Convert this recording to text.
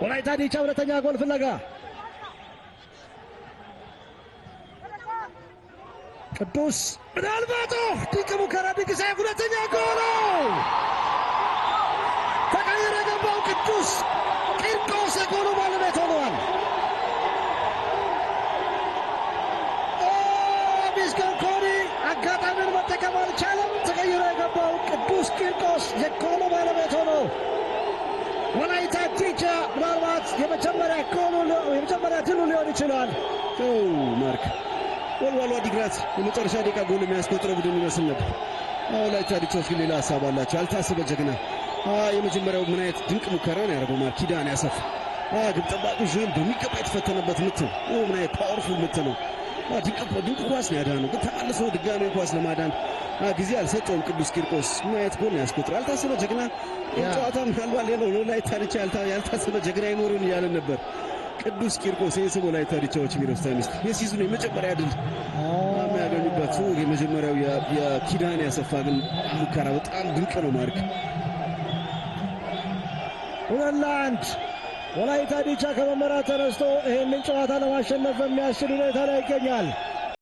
ወላይታ ዲቻ ሁለተኛ ጎል ፍለጋ ቅዱስ ምናልባት ድንቅ ሙከራ ድንቅ ሳይፍ ሁለተኛ ጎሎ ተቀይሮ የገባው ቅዱስ ቂርቆስ የጎሉ ባለቤት ሆነዋል። ሚስገን አጋጣሚን መጠቀም አልቻለም። ተቀይሮ የገባው ቅዱስ ቂርቆስ የጎሉ ባለቤት ሆነው ብቻ ምናልባት የመጀመሪያ ጎሉ የመጀመሪያ ድሉ ሊሆን ይችላል። ማርክ ወልዋሏ ዲግራት የመጨረሻ ደቂቃ ጎል የሚያስቆጥረ ቡድን ይመስል ነበር። ወላይታ ዲቻዎች ግን ሌላ ሀሳብ አላቸው። ያልታሰበ ጀግና የመጀመሪያው ምን አይነት ድንቅ ሙከራ ነው ያደረገው ማርክ ኪዳን ያሰፍ ግብ ጠባቂ ዥን በሚገባ የተፈተነበት ምት ነው። ምን አይነት ፓወርፉል ምት ነው። ድንቅ ኳስ ነው ያዳነው። ግን ተመልሶ ድጋሚ ኳስ ለማዳን ጊዜ አልሰጠውም። ቅዱስ ቂርቆስ ማየት ጎን ያስቆጥራል። አልታሰበ ጀግና ጨዋታ ምናልባት ሌሎ ላይ ታሪቻ ያልታሰበ ጀግና ይኖሩን እያለን ነበር። ቅዱስ ቂርቆስ የስቦ ላይ ታሪቻዎች የሚረፍታ የሲዙን የሲዝኑ የመጀመሪያ ድል የሚያገኙበት የመጀመሪያው የኪዳን ያሰፋ ግን ሙከራ በጣም ድንቅ ነው። ማርክ ሁለት ለአንድ ወላይታ ዲቻ ከመመራት ተነስቶ ይህንን ጨዋታ ለማሸነፍ በሚያስችል ሁኔታ ላይ ይገኛል።